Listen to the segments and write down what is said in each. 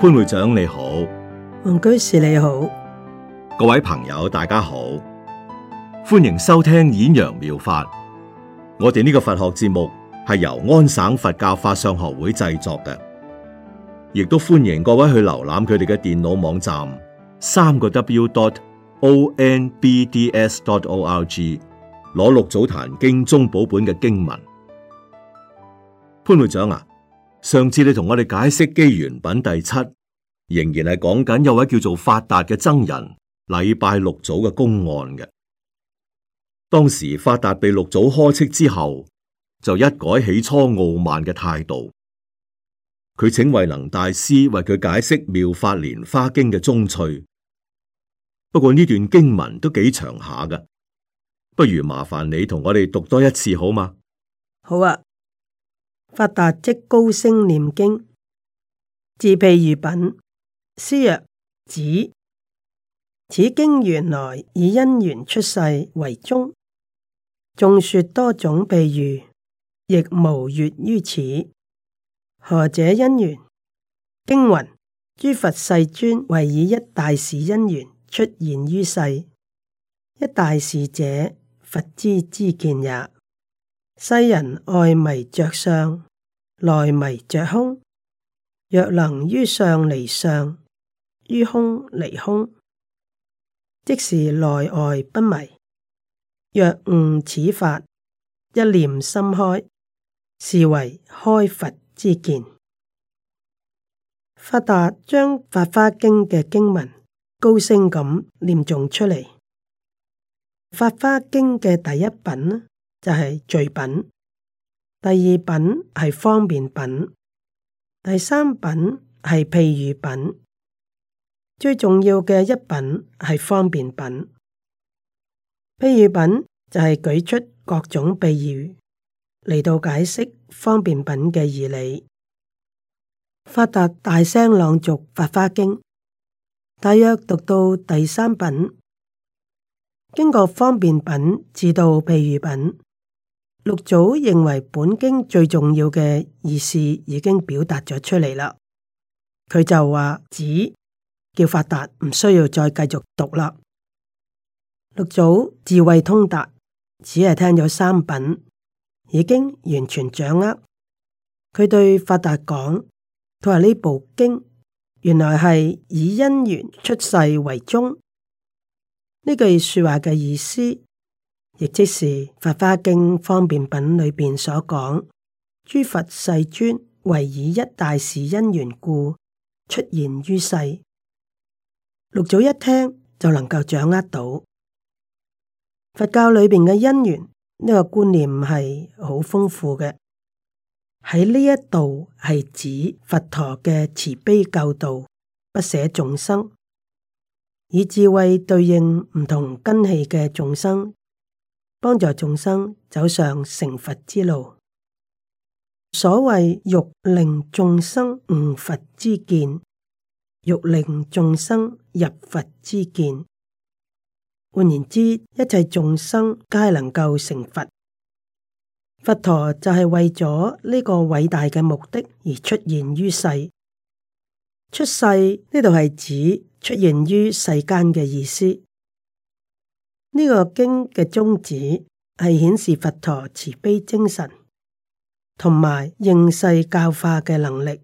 潘會長你好，黃居士你好，各位朋友大家好，歡迎收聽演揚妙，妙法。我哋呢個佛學節目係由安省佛教法相學會製作嘅，亦都歡迎各位去瀏覽佢哋嘅電腦網站三個 w dot o n b d s dot o r g 攞六祖壇經宗寶本嘅經文。潘會長啊！上次你同我哋解釋《機緣品》第七，仍然係講緊有位叫做法達嘅僧人禮拜六祖嘅公案嘅。當時法達被六祖呵斥之後，就一改起初傲慢嘅態度，佢請慧能大師為佢解釋《妙法蓮花經》嘅中趣。不過呢段經文都幾長下㗎，不如麻煩你同我哋讀多一次好嗎？好啊。發達即高聲念經，自譬如品師曰：子此經原來以因緣出世為宗，眾說多種譬喻，亦無越於此。何者因緣？經云：諸佛世尊為以一大事因緣出現於世，一大事者，佛之知見也。世人外迷着相，內迷着空。若能於相離相，於空離空，即是內外不迷。若悟此法，一念心開，是為開佛之見。法達將《法花經》嘅經文高聲咁念誦出嚟，《法花經》嘅第一品就係罪品，第二品係方便品，第三品係譬喻品，最重要嘅一品係方便品。譬喻品就係舉出各種譬喻嚟到解釋方便品嘅義理。法達大聲朗讀《法華經》，大約讀到第三品，經過方便品至到譬喻品。六祖認為本經最重要嘅意思已經表達咗出嚟啦，佢就話止叫法達，唔需要再繼續讀啦。六祖智慧通達，只係聽咗三品，已經完全掌握。佢對法達講，佢話呢部經原來係以因緣出世為宗，呢句說話嘅意思。亦即是《法花經》方便品裏邊所講，諸佛世尊唯以一大事因緣故出現於世。六祖一聽就能夠掌握到佛教裏邊嘅因緣呢、呢個觀念係好豐富嘅。喺呢一度係指佛陀嘅慈悲救度，不捨眾生，以智慧對應唔同根器嘅眾生。幫助眾生走上成佛之路。所謂欲令眾生悟佛之見，欲令眾生入佛之見。換言之，一切眾生皆能夠成佛。佛陀就係為咗呢個偉大嘅目的而出現於世。出世呢度係指出現於世間嘅意思。呢個經嘅宗旨係顯示佛陀慈悲精神同埋應世教化嘅能力，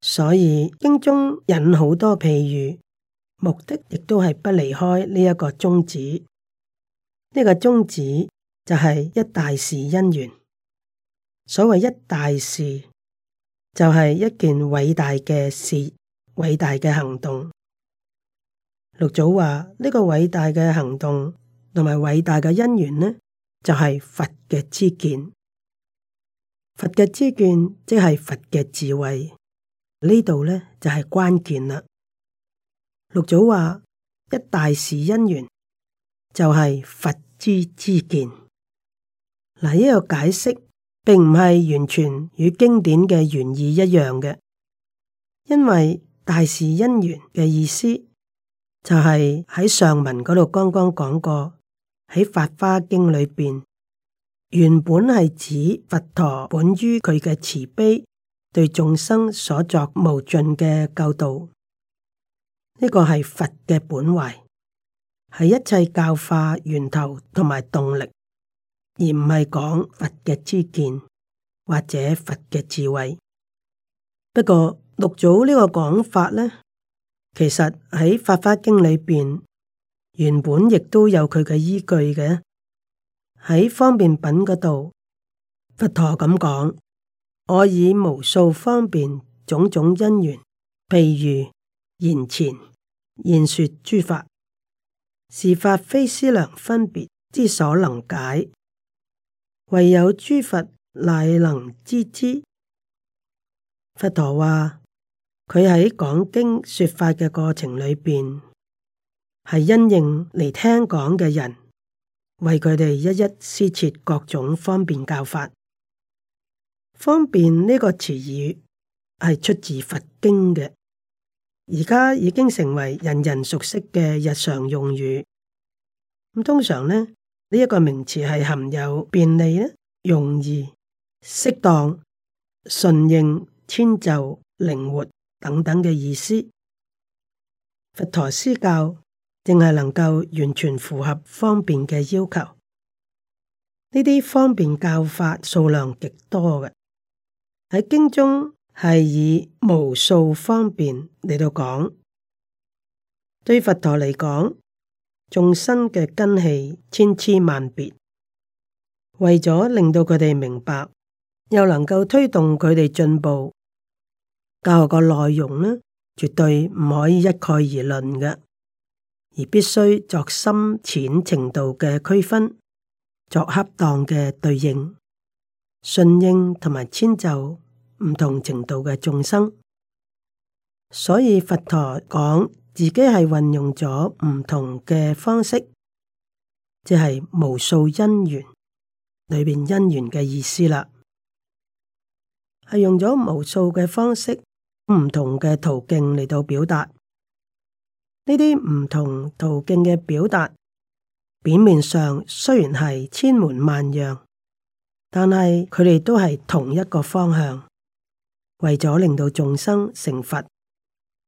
所以經中引好多譬喻，目的亦都係不離開呢一個宗旨。呢、這個宗旨就係一大事因緣，所謂一大事就係、是、一件偉大嘅事，偉大嘅行動。六祖話：呢、這個偉大嘅行動同埋偉大嘅因緣呢，就係、是、佛嘅知見。佛嘅知見即係佛嘅智慧，呢度呢就係、是、關鍵啦。六祖話：一大事因緣就係、是、佛之知見。嗱，呢個解釋並唔係完全與經典嘅原意一樣嘅，因為大事因緣嘅意思。就係喺上文嗰度剛剛講過，喺《法華經》裏邊，原本係指佛陀本於佢嘅慈悲對眾生所作無盡嘅教導，呢、這個係佛嘅本懷，係一切教化源頭同埋動力，而唔係講佛嘅知見或者佛嘅智慧。不過六祖呢個講法呢？其實喺《法華經》裏邊，原本亦都有佢嘅依據嘅。喺方便品嗰度，佛陀咁講：我以無數方便種種因緣，譬如言前言說諸法，是法非思量分別之所能解，唯有諸佛乃能知之。佛陀話。佢喺講經說法嘅過程裏邊，係因應嚟聽講嘅人，為佢哋一一施設各種方便教法。方便呢個詞語係出自佛經嘅，而家已經成為人人熟悉嘅日常用語。咁通常呢，呢一個名詞係含有便利咧、容易、適當、順應、遷就、靈活。等等嘅意思，佛陀施教淨係能夠完全符合方便嘅要求。呢啲方便教法數量極多嘅，喺經中係以無數方便嚟到講。對佛陀嚟講，眾生嘅根器千差萬別，為咗令到佢哋明白，又能夠推動佢哋進步。教學個內容咧，絕對唔可以一概而論嘅，而必須作深淺程度嘅區分，作恰當嘅對應，順應同埋遷就唔同程度嘅眾生。所以佛陀講自己係運用咗唔同嘅方式，即係無數因緣裏面因緣嘅意思啦，係用咗無數嘅方式。唔同嘅途徑嚟到表達，呢啲唔同途徑嘅表達，表面上雖然係千門萬樣，但係佢哋都係同一個方向，為咗令到眾生成佛，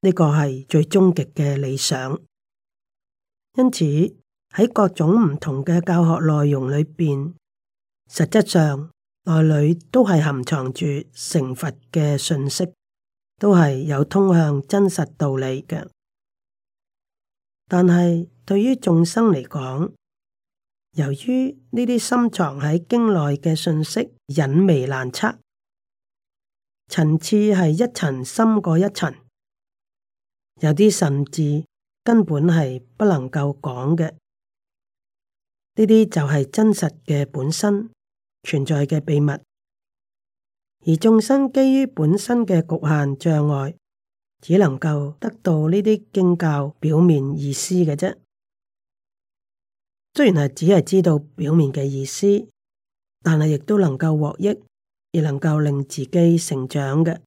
呢個係最終極嘅理想。因此喺各種唔同嘅教學內容裏邊，實質上內裏都係含藏住成佛嘅信息。都係有通向真實道理嘅，但係對於眾生嚟講，由於呢啲深藏喺經內嘅信息隱微難測，層次係一層深過一層，有啲甚至根本係不能夠講嘅，呢啲就係真實嘅本身，存在嘅秘密。而眾生基於本身嘅局限障礙，只能夠得到呢啲經教表面意思嘅啫。雖然係只係知道表面嘅意思，但係亦都能夠獲益，亦能夠令自己成長嘅。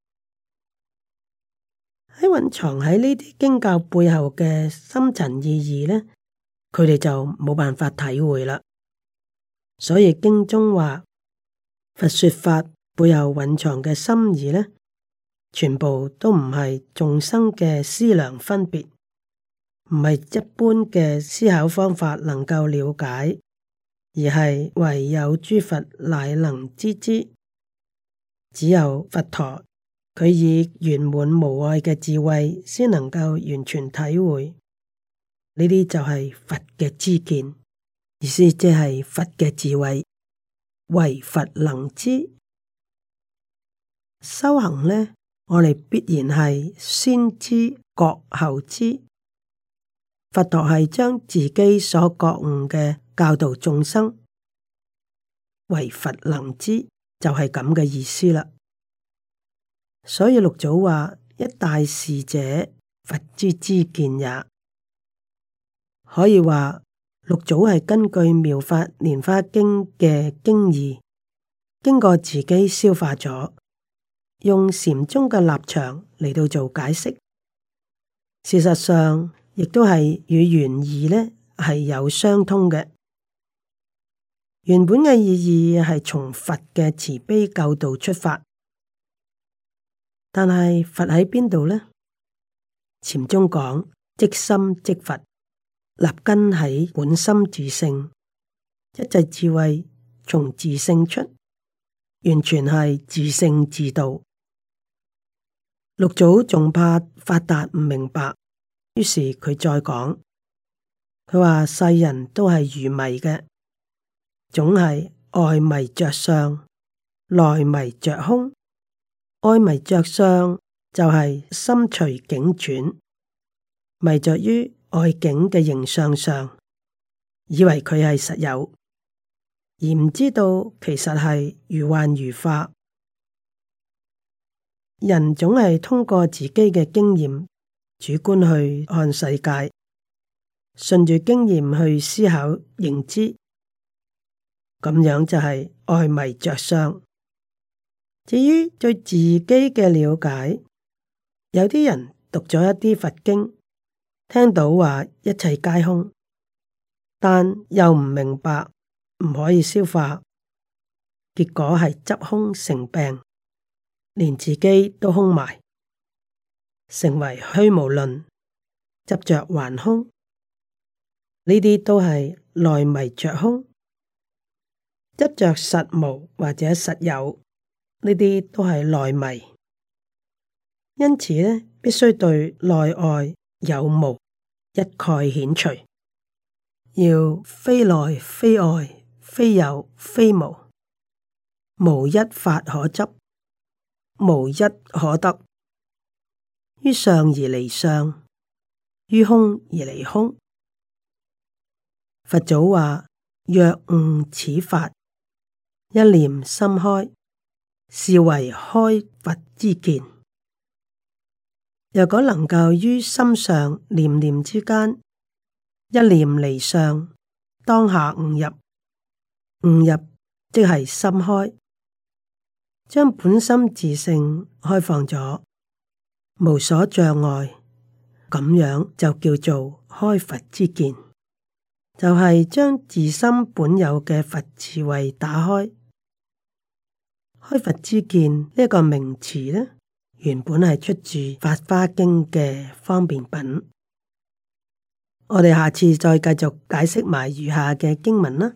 喺蘊藏喺呢啲經教背後嘅深層意義呢，佢哋就冇辦法體會啦。所以經中話佛說法。背後蘊藏嘅心意呢，全部都唔係眾生嘅思量分別，唔係一般嘅思考方法能夠了解，而係唯有諸佛乃能知之。只有佛陀佢以圓滿無礙嘅智慧，先能夠完全體會呢啲就係佛嘅知見，意思即係佛嘅智慧，唯佛能知。修行呢，我哋必然係先知覺後知。佛陀係將自己所覺悟嘅教導眾生，為佛能知，就係咁嘅意思啦。所以六祖話：一大事者，佛之知見也。可以話六祖係根據妙法蓮花經嘅經義，經過自己消化咗。用禪宗嘅立場嚟到做解釋，事實上亦都係與原意呢係有相通嘅。原本嘅意義係從佛嘅慈悲救度出發，但係佛喺邊度呢？禪宗講即心即佛，立根喺本心自性，一切智慧從自性出，完全係自性自度。六祖仲怕法達唔明白，於是佢再講，佢話世人都係愚迷嘅，總係外迷着相，內迷着空。外迷着相就係心隨境轉，迷着於外境嘅形象上，以為佢係實有，而唔知道其實係如幻如化。人總係通過自己嘅經驗主觀去看世界，順住經驗去思考認知，咁樣就係愛迷着相。至於對自己嘅了解，有啲人讀咗一啲佛經，聽到話一切皆空，但又唔明白，唔可以消化，結果係執空成病。連自己都空埋，成為虛無論執着，頑空呢啲都係內迷着空，執着實無或者實有呢啲都係內迷。因此呢，必須對內外有無一概遣除，要非內非外，非有非無，無一法可執。無一可得，於上而離上，於空而離空。佛祖話：若悟此法，一念心開，是為開佛之見。若果能夠於心上念念之間，一念離上，當下悟入，悟入即係心開。將本心自性開放咗，無所障礙，咁樣就叫做開佛之見，就係、是、將自心本有嘅佛智慧打開。開佛之見呢一個名詞呢，原本係出自《法華經》嘅方便品。我哋下次再繼續解釋埋餘下嘅經文啦。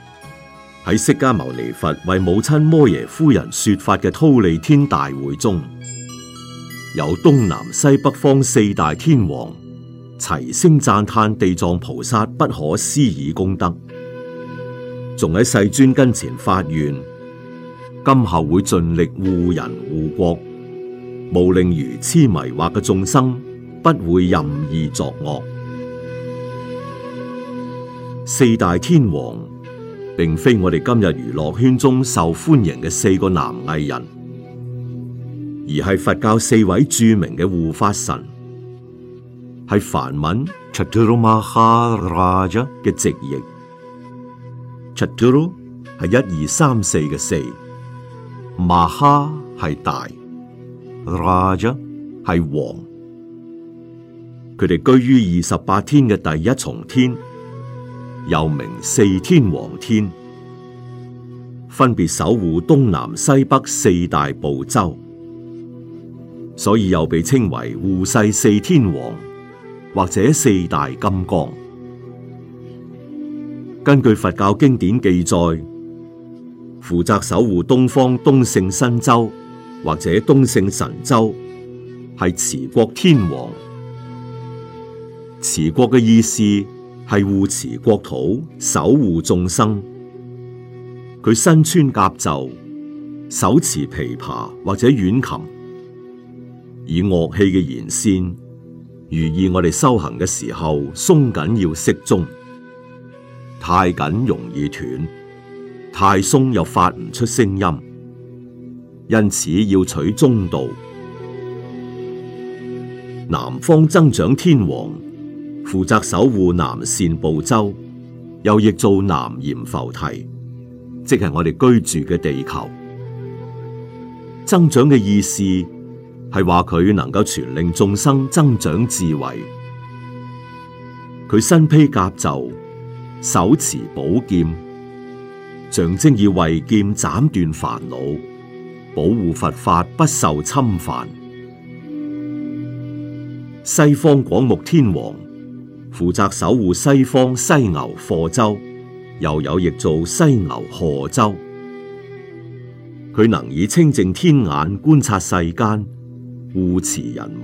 喺釋迦牟尼佛為母親摩耶夫人說法嘅忉利天大會中，有東南西北方四大天王齊聲讚嘆地藏菩薩不可思議功德，仲喺世尊跟前發願：今後會盡力護人護國，務令愚痴迷惑嘅眾生不會任意作惡。四大天王。並非我哋今日娛樂圈中受歡迎嘅四個男藝人，而係佛教四位著名嘅護法神，係梵文 Chaturu Mahārāja 嘅直譯。Chaturu 係一二三四嘅四，Mahā 係大，Rāja 係王。佢哋居於二十八天嘅第一重天。又名四天王天，分別守護東南西北四大部洲，所以又被稱為護世四天王或者四大金剛。根據佛教經典記載，負責守護東方東勝新洲或者東勝神洲，係持國天王。持國嘅意思。係護持國土、守護眾生。佢身穿甲冑，手持琵琶或者阮琴，以樂器嘅弦線，寓意我哋修行嘅時候，鬆緊要適中。太緊容易斷，太鬆又發唔出聲音，因此要取中道。南方增長天王。負責守護南贍部洲，又譯做南閻浮提，即係我哋居住嘅地球。增長嘅意思係話佢能夠全令眾生增長智慧。佢身披甲胄，手持寶劍，象徵以慧劍斬斷煩惱，保護佛法不受侵犯。西方廣目天王。負責守護西方西牛賀州，又有譯做西牛賀洲。佢能以清淨天眼觀察世間，護持人民，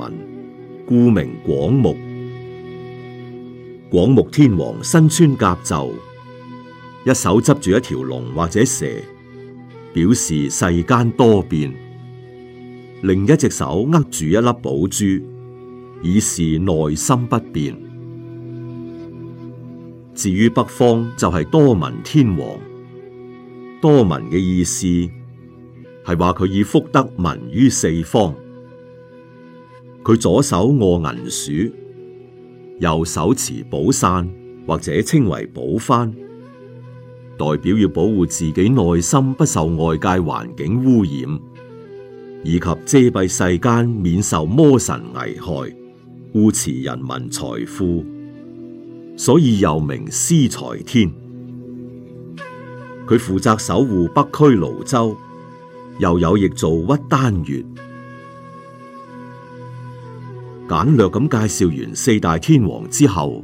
故名廣目。廣目天王身穿甲胄，一手執住一條龍或者蛇，表示世間多變；另一隻手握住一粒寶珠，以示內心不變。至於北方就係、是、多聞天王，多聞嘅意思係話佢以福德聞於四方。佢左手握銀鼠，右手持寶傘或者稱為寶幡，代表要保護自己內心不受外界環境污染，以及遮蔽世間免受魔神危害，護持人民財富。所以又名施財天，佢負責守護北俱盧洲，又有譯做屈丹月。簡略咁介紹完四大天王之後，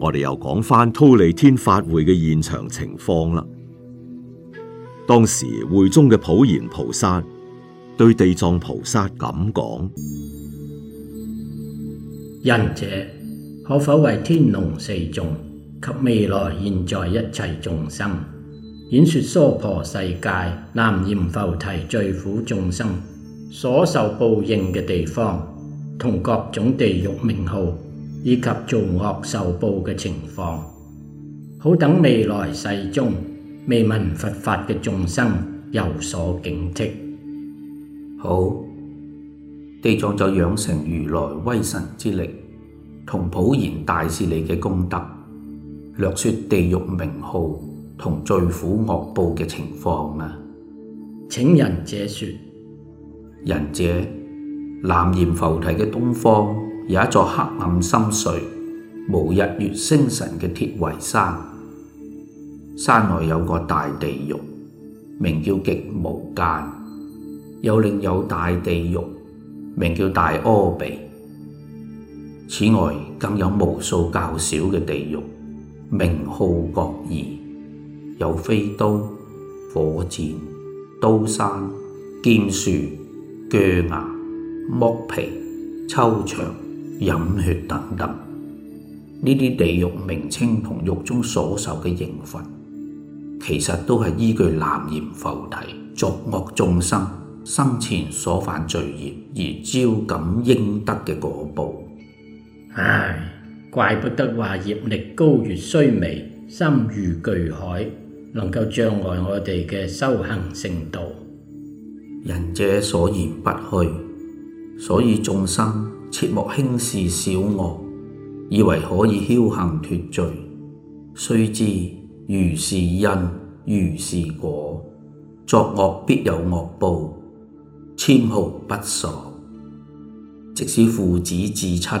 我哋又講返忉利天法會嘅現場情況啦。當時會中嘅普賢菩薩對地藏菩薩咁講：仁者。可否為天龍四眾及未來現在一切眾生演說娑婆世界南閻浮提最苦眾生所受報應嘅地方同各種地獄名號以及造惡受報嘅情況，好等未來世中未聞佛法嘅眾生有所警惕。好，地藏就養成如來威神之力。同普賢大師你嘅功德，略說地獄名號同罪苦惡報嘅情況啦。請仁者說，仁者南閻浮提嘅東方有一座黑暗深邃、無日月星辰嘅鐵圍山，山內有個大地獄，名叫極無間；又另有大地獄，名叫大阿鼻。此外，更有無數較小嘅地獄名號各異，有飛刀、火箭、刀山、劍樹、鋸牙、剝皮、抽腸、飲血等等。呢啲地獄名稱同獄中所受嘅刑罰，其實都係依據南閻浮提作惡眾生生前所犯罪業而招感應得嘅果報。唉、啊，怪不得話業力高越衰微，深如巨海，能夠障礙我哋嘅修行程度。人者所言不虛，所以眾生切莫輕視小惡，以為可以僥倖脫罪。須知如是因如是果，作惡必有惡報，千毫不傻。即使父子至親。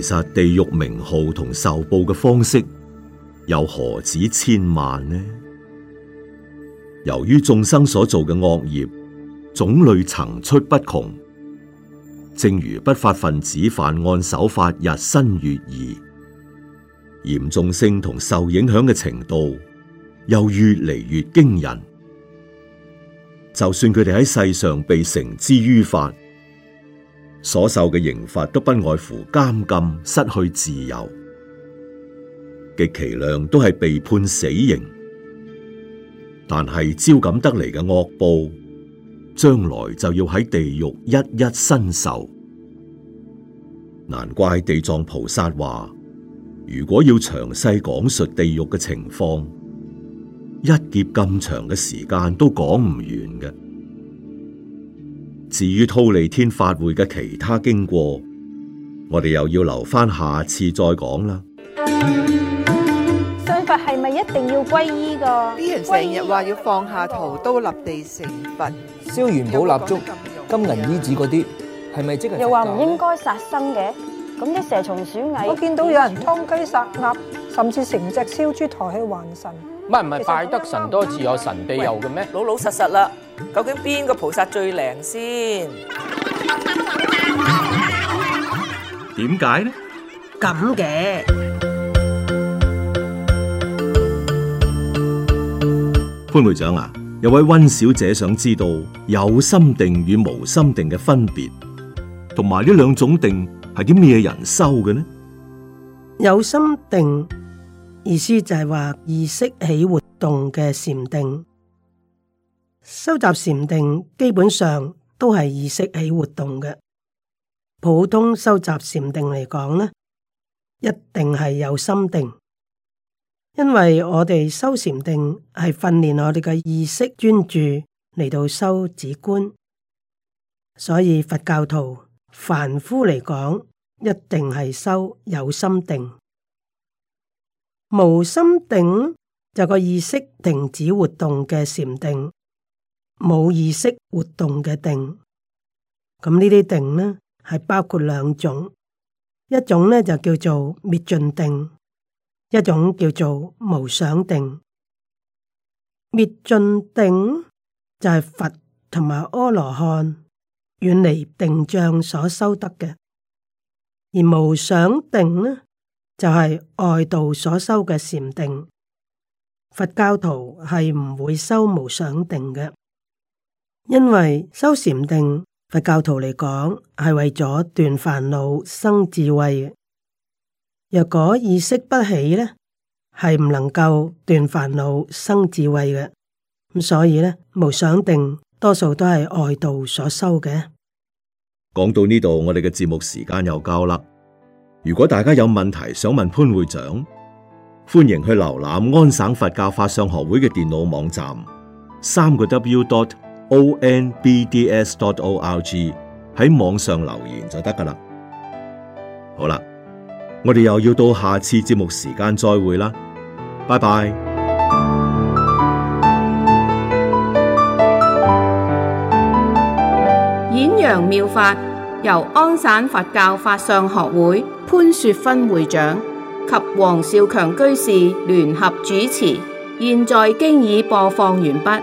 其實地獄名號同受報嘅方式，又何止千萬呢？由於眾生所做嘅惡業種類層出不窮，正如不法分子犯案手法日新月異，嚴重性同受影響嘅程度又越嚟越驚人。就算佢哋喺世上被繩之於法。所受嘅刑罰都不外乎監禁、失去自由，極其量都係被判死刑。但係招感得嚟嘅惡報，將來就要喺地獄一一身受。難怪地藏菩薩話：如果要詳細講述地獄嘅情況，一劫咁長嘅時間都講唔完嘅。至於忉利天法會嘅其他經過，我哋又要留翻下，下次再講啦。信佛係咪一定要皈依噶？啲人成日話要放下屠刀立地成佛，燒元寶蠟燭、有有金銀衣紙嗰啲，係咪即係？又話唔應該殺生嘅，咁啲蛇蟲鼠蟻，我見到有人劏雞殺鴨，甚至成隻燒豬抬去還神。唔係唔係，拜得神多自有神庇佑嘅咩？老老實實啦。.究竟邊個菩薩最靈先？點解呢？咁嘅，潘會長啊，有位溫小姐想知道有心定與無心定嘅分別，同埋呢兩種定係啲咩人修嘅呢？有心定意思就係話意識起活動嘅禪定。收集禪定基本上都係意識起活動嘅。普通收集禪定嚟講呢，一定係有心定，因為我哋修禪定係訓練我哋嘅意識專注嚟到修止觀，所以佛教徒凡夫嚟講一定係修有心定，無心定就個意識停止活動嘅禪定。冇意識活動嘅定，咁呢啲定呢係包括兩種，一種呢就叫做滅盡定，一種叫做無想定。滅盡定就係佛同埋阿羅漢遠離定障所修得嘅，而無想定呢就係外道所修嘅禪定。佛教徒係唔會修無想定嘅。因為修禪定，佛教徒嚟講係為咗斷煩惱生智慧。若果意識不起呢，係唔能夠斷煩惱生智慧嘅。咁所以呢，無想定多數都係外道所修嘅。講到呢度，我哋嘅節目時間又夠啦。如果大家有問題想問潘會長，歡迎去瀏覽安省佛教法相學會嘅電腦網站，三個 W dot。onbds.org 喺網上留言就得噶啦。好啦，我哋又要到下次節目時間再會啦。拜拜。演揚妙法由安省佛教法相學會潘雪芬會長及黃少強居士聯合主持，現在經已播放完畢。